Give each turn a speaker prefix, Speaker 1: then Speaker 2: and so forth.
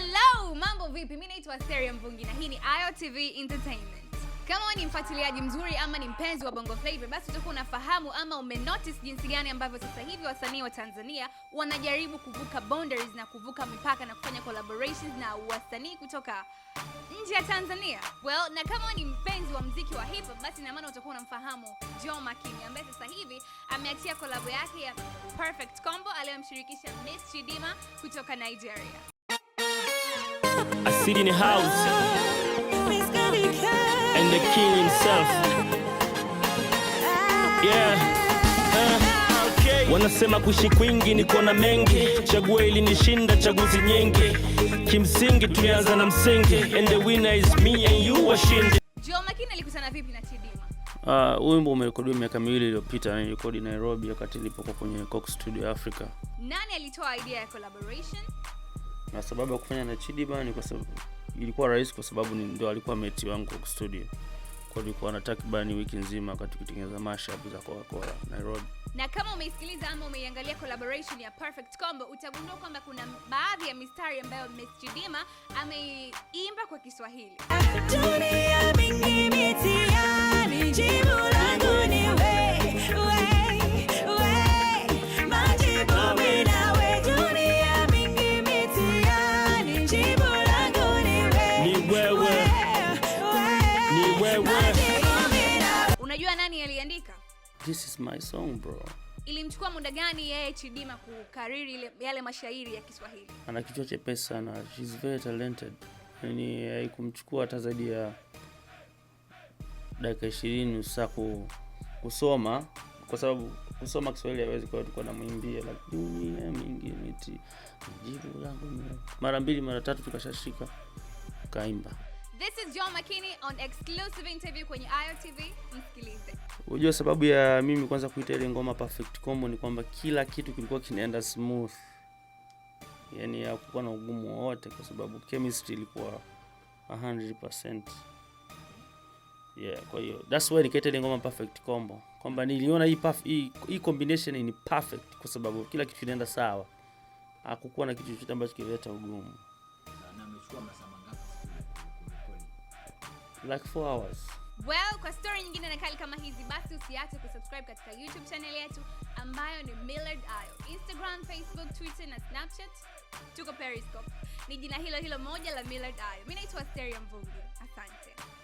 Speaker 1: Hello, mambo vipi? Mimi naitwa Seria Mvungi na hii ni Ayo TV Entertainment. Kama ni mfuatiliaji mzuri ama ni mpenzi wa Bongo Flava, basi utakuwa unafahamu ama notice jinsi gani ambavyo sasa hivi wasanii wa Tanzania wanajaribu kuvuka boundaries na kuvuka mipaka na kufanya collaborations na wasanii kutoka nje ya Tanzania. Well, na kama ni mpenzi wa mziki wa hip hop, basi na maana utakuwa unamfahamu Joh Makini ambaye sasa hivi ameachia collab yake ya Perfect Combo aliyomshirikisha Miss Chidima kutoka Nigeria. Sid in the house and the king himself. Yeah. Wanasema kuishi kwingi ni kuona mengi, ili ni shinda chaguzi nyingi, kimsingi tulianza na msingi, and the winner is me and you washindi. Joh, lakini alikutana vipi na Chidinma?
Speaker 2: Ah, uh, wimbo umerekodiwa miaka miwili iliyopita, nilirekodi yaani Nairobi wakati nilipokuwa kwenye cox Studio Africa.
Speaker 1: Nani alitoa idea ya collaboration?
Speaker 2: na sababu ya kufanya na Chidiba ni kwa sababu ilikuwa rahisi, kwa sababu ni ndio alikuwa meti wangu kwa studio, kwa tulikuwa na takribani wiki nzima wakati kutengeneza mashup za Coca-Cola Nairobi.
Speaker 1: Na kama umeisikiliza ama umeiangalia collaboration ya Perfect Combo, utagundua kwamba kuna baadhi ya mistari ambayo Miss Chidima ameimba kwa Kiswahili. Dunia mingi mitihani, jibu
Speaker 2: This is my song bro.
Speaker 1: Ilimchukua muda gani yeye Chidima kukariri yale mashairi ya Kiswahili?
Speaker 2: Ana kichwa chepesi sana. She's very talented. Yani haikumchukua hata zaidi ya dakika ishirini usaa kusoma, kwa sababu kusoma Kiswahili hawezi kuwa tulikuwa namwimbia, lakini mingi miti jibu langu mara mbili mara tatu tukashashika kaimba.
Speaker 1: This is John Makini on exclusive interview kwenye Ayo TV, msikilize.
Speaker 2: Unajua sababu ya mimi kwanza kuita ile ngoma perfect combo ni kwamba kila kitu kilikuwa kinaenda smooth, yaani hakukuwa na ugumu wowote kwa sababu chemistry ilikuwa 100%. Yeah, kwa hiyo that's why nikaita ile ngoma perfect combo kwamba niliona hii, hii, hii combination ni perfect kwa sababu kila kitu kinaenda sawa, hakukuwa na kitu chochote ambacho kilileta ugumu. Na amechukua masaa like four hours.
Speaker 1: Well, kwa story nyingine na kali kama hizi basi usiache kusubscribe katika YouTube channel yetu ambayo ni Millard Ayo. Instagram, Facebook, Twitter na Snapchat tuko Periscope. Ni jina hilo hilo moja la Millard Ayo. Mimi naitwa Asteria mvungu Asante.